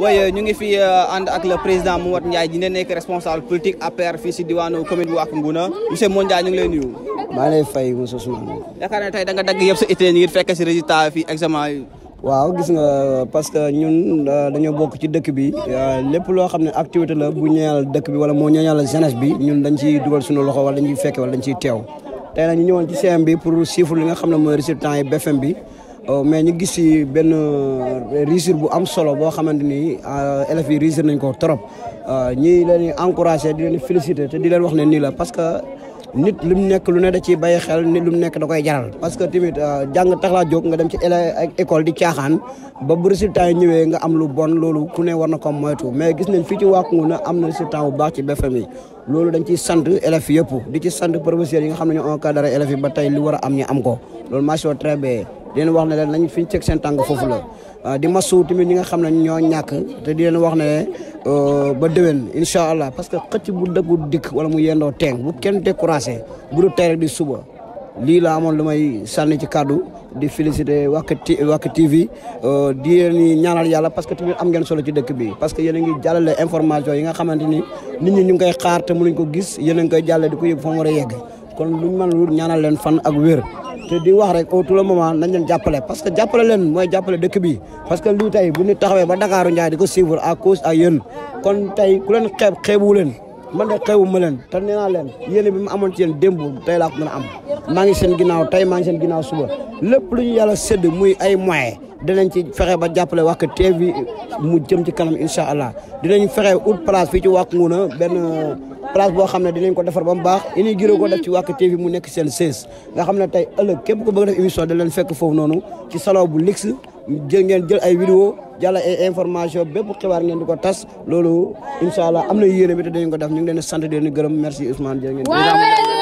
waaye ñu ngi fi euh, ànd ak le président Momadou Ndiaye ji ne nekk responsable politique APR fii si diwaanu commune bu Wack Ngouna monsieur Modou Ndiaye ñu ngi lay nuyu. maa ngi lay tey da nga dagg yëpp sa ittee ñu ngi fekk si résultat fii examen yi. waaw gis nga parce que ñun euh, dañoo bokk ci dëkk bi euh, lépp loo xam ne activité la bu ñeel dëkk bi wala moo ñeel jeunesse bi ñun dañ ciy dugal sunu loxo wala dañ ciy fekke wala dañ ci teew tey ñu ñëwoon ci CM bi pour chiffre li nga xam ne mooy résultat yi BFM bi Euh, mais ñu gis si benn euh, réussite bu am solo boo xamante ni euh, élèves yi nañ ko trop ñi leen encouragé di leen félicité te di leen wax ne nii la parce que nit lu mu nekk lu ne da ciy bàyyi xel nit lu mu nekk da koy jaral parce que tamit jàng tax laa nga dem ci école di caaxaan ba bu résultat yi ñëwee nga am lu bon loolu ku ne war na ko moytu mais gis nañ fii ci waa Koungheul am na résultat bu baax ci BFEM yi loolu dañ ciy sant élèves yëpp di ci sant professeurs yi nga xam ne ñoo encadré élèves yi ba tey li war a am ñu am ko loolu maa très bien di leen wax na leen nañ fi ñu teg seen tànk foofu la ah, di masu tamit ñi nga xam ne ñoo ñàkk te di leen wax ne euh, ba déwén incha allah parce que xëcc bu dëggu dikk wala mu yendoo teeng bu kenn découragé bu du tey di suba lii la amoon lu may sànni ci kàddu di féliciter Wack Wack TV euh, di leen ñaanal yàlla parce que tamit am ngeen solo ci dëkk bi parce que yéen a ngi jàllale information yi nga xamante ni nit ñi ñu ngi koy xaar te mu mënuñ ko gis yéen a ngi koy jàllale di ko yëg fa mu war yegg kon mu mën lu ñaanal leen fan ak wér te di wax rek au tout le moment nañ leen jàppale parce que jàppale leen mooy jàppale dëkk bi parce que lii bu ñu taxawee ba Dakaaru Ndiaye di ko suivre à cause ak yéen kon tey ku leen xeeb leen man de xeebu ma leen te nee naa leen yéene bi ma amoon ci yéen démb tey laa ko mën a am maa ngi seen ginnaaw tey maa ngi seen ginnaaw suba lépp lu ñu yàlla sédd muy ay moyens dinañ ci fexe ba jàppale Wack TV mu jëm ci kanam incha allah dinañ fexe ut place fii ci Wack Ngouna benn place boo xam ne dinañ ko defar ba mu baax inauguré ko def ci Wack TV mu nekk seen sées nga xam ne tey ëllëg képp ko bëgg def émission da fekk foofu noonu ci salon bu luxe jël ngeen jël ay vidéo jàll information bépp xibaar ngeen di tas loolu incha allah am na yéene bi te dañu ko def ñu ngi leen sant di leen gërëm merci Ousmane jërë ngeen